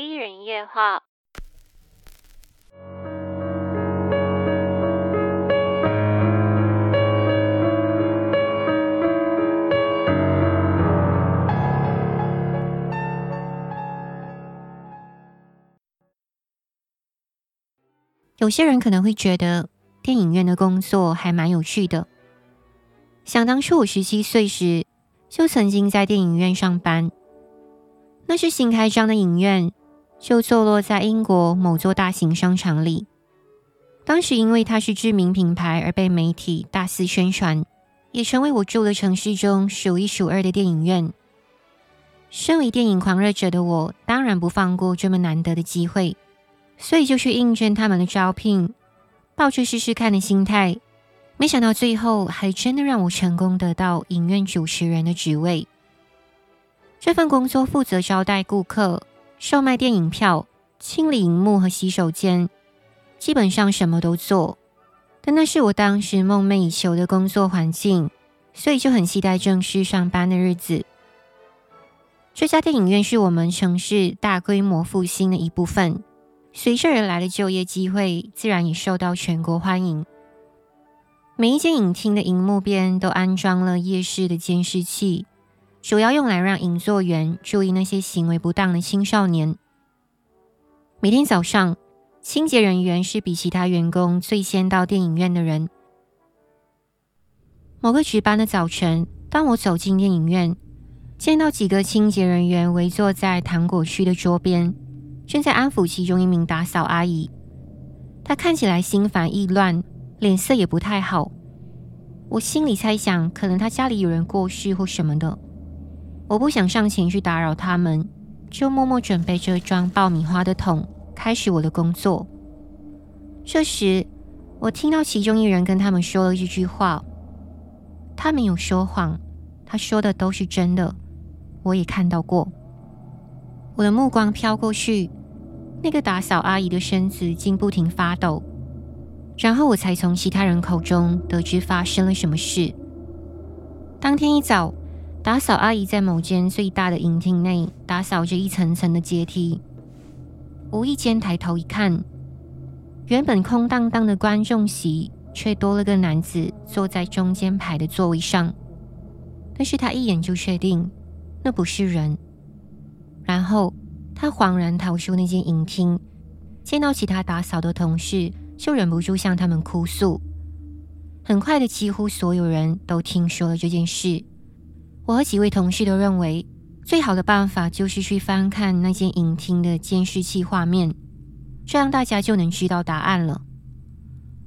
一人夜話。有些人可能會覺得電影院的工作還蠻有趣的。想當初我十七歲時就曾經在電影院上班，那是新開張的影院。就坐落在英國某座大型商場裡。當時因為它是知名品牌，而被媒體大肆宣傳，也成為我住的城市中數一數二的電影院。身為電影狂熱者的我，當然不放過這麼難得的機會，所以就去應徵他們的招聘，抱着試試看的心態，沒想到最後還真的讓我成功得到影院主持人的職位。這份工作負責招待顧客。售賣電影票、清理熒幕和洗手間，基本上什麼都做。但那是我當時夢寐以求的工作環境，所以就很期待正式上班的日子。這家電影院是我們城市大規模復興的一部分，隨之而來的就業機會自然也受到全國歡迎。每一間影廳的熒幕邊都安裝了夜視的監視器。主要用來讓引座員注意那些行為不當的青少年。每天早上，清潔人員是比其他員工最先到電影院的人。某個值班的早晨，當我走進電影院，見到幾個清潔人員圍坐在糖果區的桌邊，正在安撫其中一名打掃阿姨。她看起來心煩意亂，臉色也不太好。我心裡猜想，可能她家裡有人過世或什麼的。我不想上前去打擾他們，就默默準備着裝爆米花的桶，開始我的工作。這時，我聽到其中一人跟他們說了一句話，他沒有說謊，他說的都是真的，我也看到過。我的目光飄過去，那個打掃阿姨的身子竟不停發抖，然後我才從其他人口中得知發生了什麼事。當天一早。打掃阿姨在某間最大的影廳內打掃着一層層的階梯，無意間抬頭一看，原本空蕩蕩的觀眾席卻多了個男子坐在中間排的座位上。但是他一眼就確定那不是人，然後他恍然逃出那間影廳，見到其他打掃的同事，就忍不住向他們哭訴。很快的，幾乎所有人都聽說了這件事。我和幾位同事都認為，最好的辦法就是去翻看那間影廳的監視器畫面，這樣大家就能知道答案了。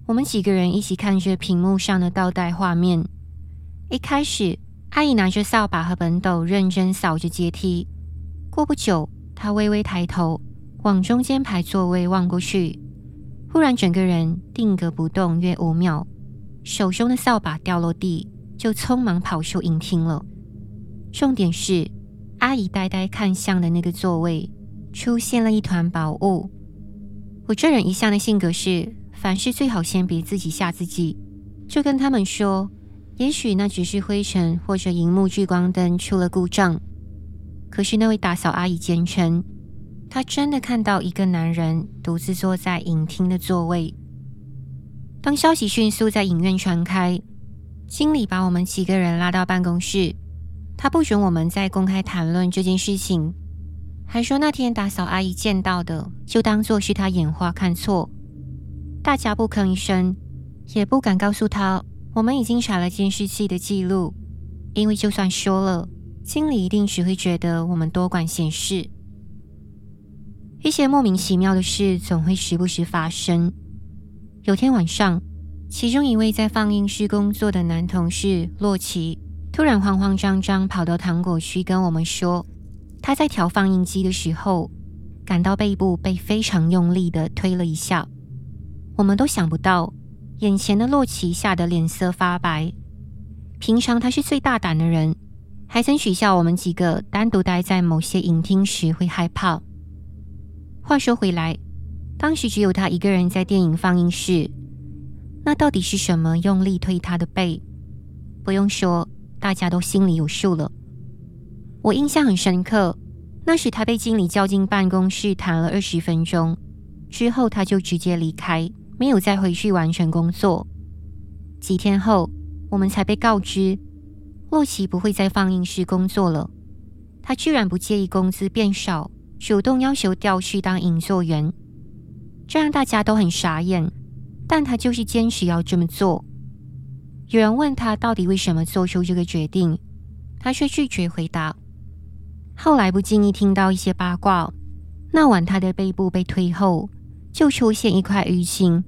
我們幾個人一起看着屏幕上的倒帶畫面。一開始，阿姨拿着掃把和畚斗認真掃着階梯。過不久，她微微抬頭往中間排座位望過去，忽然整個人定格不動，約五秒，手中的掃把掉落地，就匆忙跑出影廳了。重點是，阿姨呆呆看向的那個座位，出現了一團薄霧。我這人一向的性格是，凡事最好先別自己嚇自己，就跟他們說，也許那只是灰塵或者熒幕聚光燈出了故障。可是那位打掃阿姨堅稱，她真的看到一個男人獨自坐在影廳的座位。當消息迅速在影院傳開，經理把我們幾個人拉到辦公室。他不准我們再公開談論這件事情，還說那天打掃阿姨見到的，就當做是她眼花看錯。大家不吭一聲，也不敢告訴他，我們已經查了監視器的記錄，因為就算說了，經理一定只會覺得我們多管閒事。一些莫名其妙的事總會時不時發生。有天晚上，其中一位在放映室工作的男同事，洛奇。突然慌慌張張跑到糖果區，跟我們說：“他在調放映機的時候，感到背部被非常用力地推了一下。”我們都想不到，眼前的洛奇嚇得臉色發白。平常他是最大膽的人，還曾取笑我們幾個單獨待在某些影廳時會害怕。話說回來，當時只有他一個人在電影放映室，那到底是什麼用力推他的背？不用說。大家都心裡有數了。我印象很深刻，那時他被經理叫進辦公室談了二十分鐘，之後他就直接離開，沒有再回去完成工作。幾天後，我們才被告知，洛奇不會在放映室工作了。他居然不介意工資變少，主動要求調去當影作員，這讓大家都很傻眼。但他就是堅持要這麼做。有人問他到底為什麼做出這個決定，他卻拒絕回答。後來不經意聽到一些八卦，那晚他的背部被推後，就出現一塊淤青。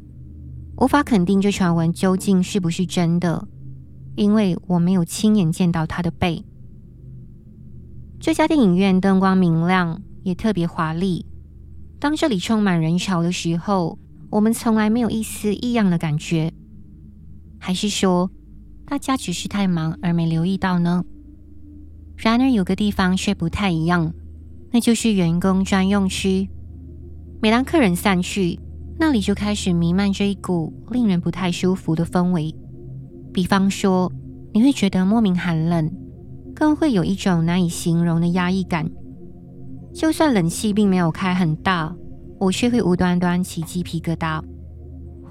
無法肯定這傳聞究竟是不是真的，因為我沒有親眼見到他的背。這家電影院燈光明亮，也特別華麗。當這裡充滿人潮的時候，我們從來沒有一絲異樣的感覺。還是說，大家只是太忙而沒留意到呢？然而有個地方卻不太一樣，那就是員工專用區。每當客人散去，那裡就開始瀰漫着一股令人不太舒服的氛圍。比方說，你會覺得莫名寒冷，更會有一種難以形容的壓抑感。就算冷氣並沒有開很大，我卻會無端端起雞皮疙瘩。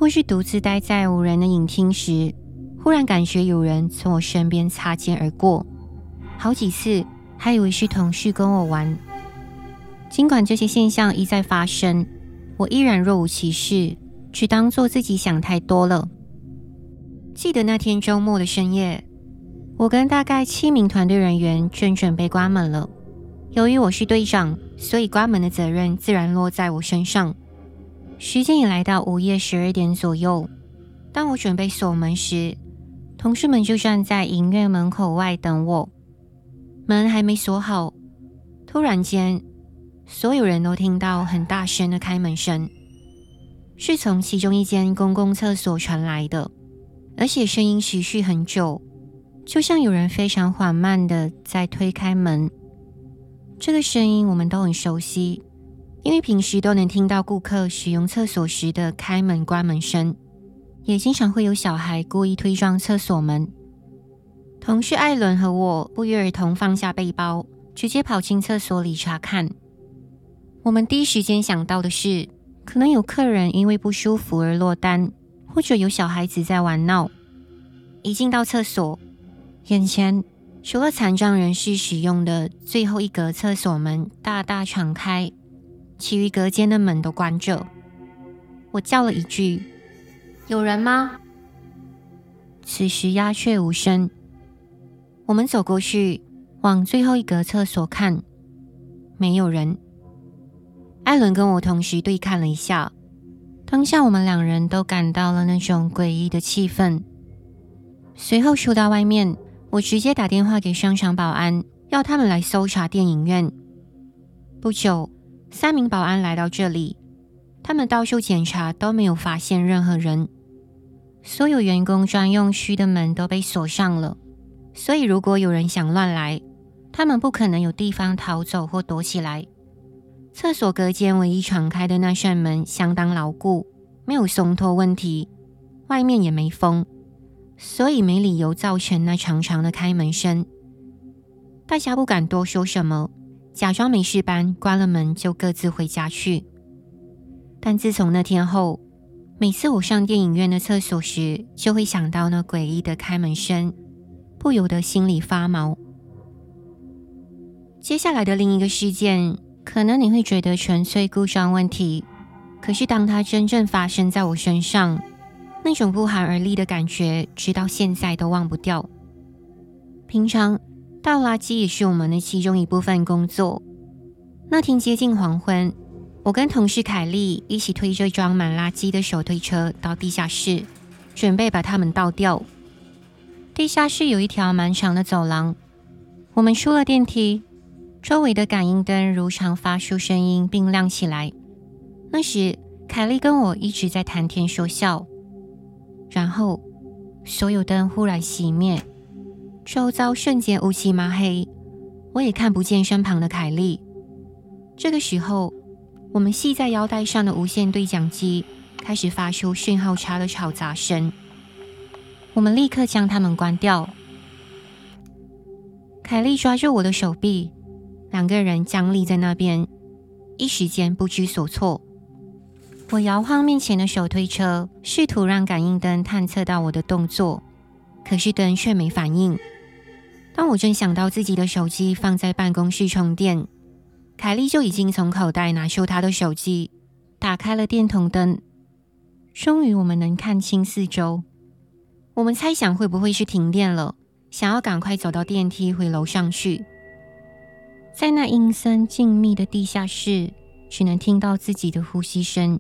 或是獨自待在無人的影廳時，忽然感覺有人從我身邊擦肩而過，好幾次還以為是同事跟我玩。儘管這些現象一再發生，我依然若無其事，只當做自己想太多了。記得那天周末的深夜，我跟大概七名團隊人員正準備關門了。由於我是隊長，所以關門的責任自然落在我身上。時間也來到午夜十二點左右，當我準備鎖門時，同事們就站在影院門口外等我。門還沒鎖好，突然間，所有人都聽到很大聲的開門聲，是從其中一間公共廁所傳來的，而且聲音持續很久，就像有人非常緩慢的在推開門。這個聲音我們都很熟悉。因為平時都能聽到顧客使用廁所時的開門關門聲，也經常會有小孩故意推撞廁所門。同事艾倫和我不約而同放下背包，直接跑進廁所裡查看。我們第一時間想到的是，可能有客人因為不舒服而落單，或者有小孩子在玩鬧。一進到廁所，眼前除了殘障人士使用的最後一格廁所門大大敞開。其餘隔間的門都關着，我叫了一句：“有人嗎？”此時鴉雀無聲。我們走過去，往最後一格廁所看，沒有人。艾倫跟我同時對看了一下，當下我們兩人都感到了那種詭異的氣氛。隨後出到外面，我直接打電話給商場保安，要他們來搜查電影院。不久。三名保安來到這裡，他們到處檢查，都沒有發現任何人。所有員工專用區的門都被鎖上了，所以如果有人想亂來，他們不可能有地方逃走或躲起來。廁所隔間唯一敞開的那扇門相當牢固，沒有鬆脫問題，外面也沒風，所以沒理由造成那長長的開門聲。大家不敢多說什麼。假裝沒事般關了門，就各自回家去。但自從那天後，每次我上電影院的廁所時，就會想到那詭異的開門聲，不由得心裡發毛。接下來的另一個事件，可能你會覺得純粹故障問題，可是當它真正發生在我身上，那種不寒而慄的感覺，直到現在都忘不掉。平常。倒垃圾也是我們的其中一部分工作。那天接近黃昏，我跟同事凱麗一起推着裝滿垃圾的手推車到地下室，準備把它們倒掉。地下室有一條蠻長的走廊，我們出了電梯，周圍的感應燈如常發出聲音並亮起來。那時，凱麗跟我一直在談天說笑，然後所有燈忽然熄滅。周遭瞬間烏漆麻黑，我也看不見身旁的凱莉。這個時候，我們繫在腰帶上的無線對講機開始發出訊號差的吵雜聲，我們立刻將它們關掉。凱莉抓住我的手臂，兩個人僵立在那邊，一時間不知所措。我搖晃面前的手推車，試圖讓感應燈探測到我的動作，可是燈卻沒反應。當我正想到自己的手機放在辦公室充電，凱莉就已經從口袋拿出她的手機，打開了電筒燈。終於，我們能看清四周。我們猜想會不會是停電了，想要趕快走到電梯回樓上去。在那陰森靜謐的地下室，只能聽到自己的呼吸聲，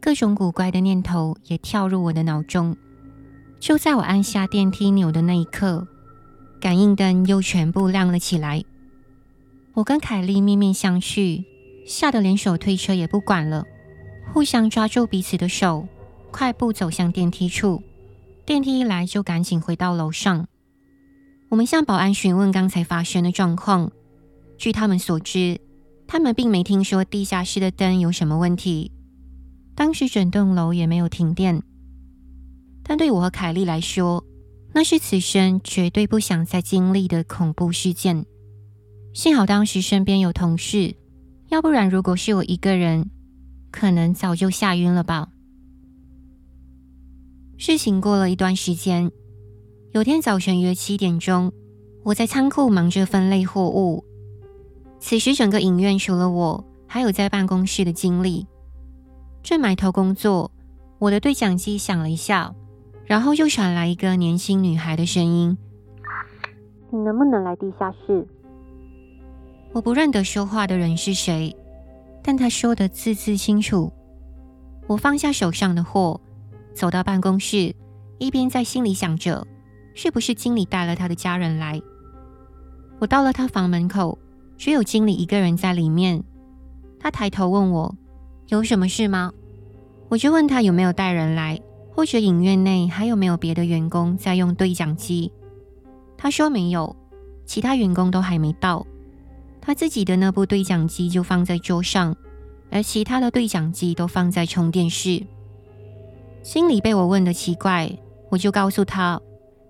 各種古怪的念頭也跳入我的腦中。就在我按下電梯鈕的那一刻，感應燈又全部亮了起來，我跟凱麗面面相覷，嚇得連手推車也不管了，互相抓住彼此的手，快步走向電梯處。電梯一來，就趕緊回到樓上。我們向保安詢問剛才發生的狀況，據他們所知，他們並沒聽說地下室的燈有什麼問題，當時整棟樓也沒有停電。但對我和凱麗來說，那是此生絕對不想再經歷的恐怖事件。幸好當時身邊有同事，要不然如果是我一個人，可能早就嚇暈了吧。事情過了一段時間，有天早晨約七點鐘，我在倉庫忙着分類貨物。此時整個影院除了我，還有在辦公室的經理，正埋頭工作。我的對講機響了一下。然後又傳來一個年輕女孩的聲音：“你能不能來地下室？”我不認得說話的人是誰，但他說得字字清楚。我放下手上的貨，走到辦公室，一邊在心裡想着：“是不是經理帶了他的家人來？”我到了他房門口，只有經理一個人在裡面。他抬頭問我：“有什麼事嗎？”我就問他有沒有帶人來。或者影院內還有沒有別的員工在用對講機？他說沒有，其他員工都還沒到。他自己的那部對講機就放在桌上，而其他的對講機都放在充電室。心裡被我問得奇怪，我就告訴他，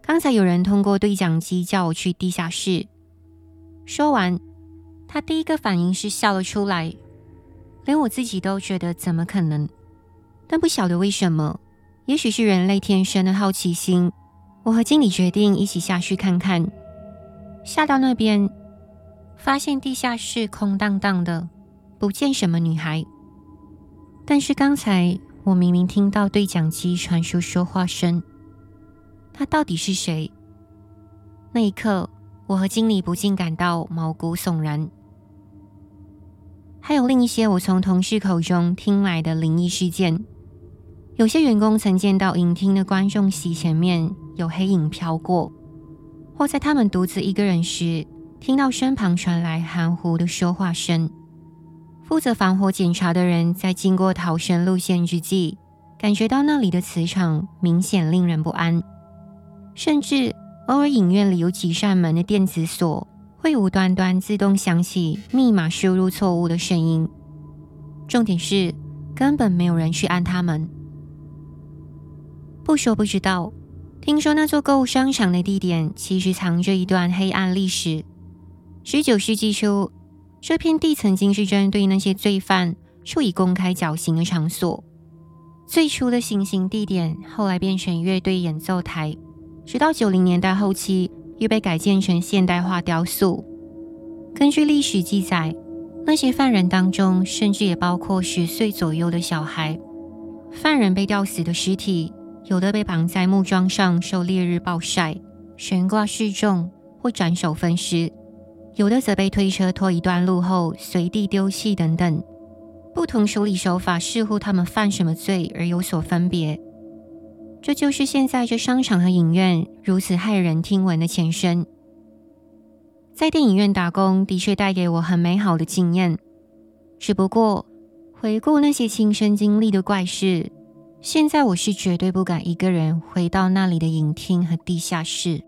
剛才有人通過對講機叫我去地下室。說完，他第一個反應是笑了出來，連我自己都覺得怎麼可能，但不曉得為什麼。也許是人類天生的好奇心，我和經理決定一起下去看看。下到那邊，發現地下室空荡荡的，不見什麼女孩。但是剛才我明明聽到對講機傳出說話聲，她到底是誰？那一刻，我和經理不禁感到毛骨悚然。還有另一些我從同事口中聽來的靈異事件。有些員工曾見到影廳的觀眾席前面有黑影飄過，或在他們獨自一個人時聽到身旁傳來含糊的說話聲。負責防火檢查的人在經過逃生路線之際，感覺到那裡的磁場明顯令人不安，甚至偶爾影院裡有幾扇門的電子鎖會無端端自動響起密碼輸入錯誤的聲音。重點是，根本沒有人去按他們。不說不知道，聽說那座購物商場的地點其實藏着一段黑暗歷史。十九世紀初，這片地曾經是針對那些罪犯處以公開絞刑的場所。最初的行刑地點後來變成樂隊演奏台，直到九零年代後期又被改建成現代化雕塑。根據歷史記載，那些犯人當中甚至也包括十歲左右的小孩。犯人被吊死的屍體。有的被綁在木樁上受烈日暴曬、懸掛示眾或斬首分屍，有的則被推車拖一段路後隨地丟棄等等。不同處理手法視乎他們犯什麼罪而有所分別。這就是現在這商場和影院如此駭人聽聞的前身。在電影院打工的確帶給我很美好的經驗，只不過回顧那些親身經歷的怪事。現在我是絕對不敢一個人回到那裡的影廳和地下室。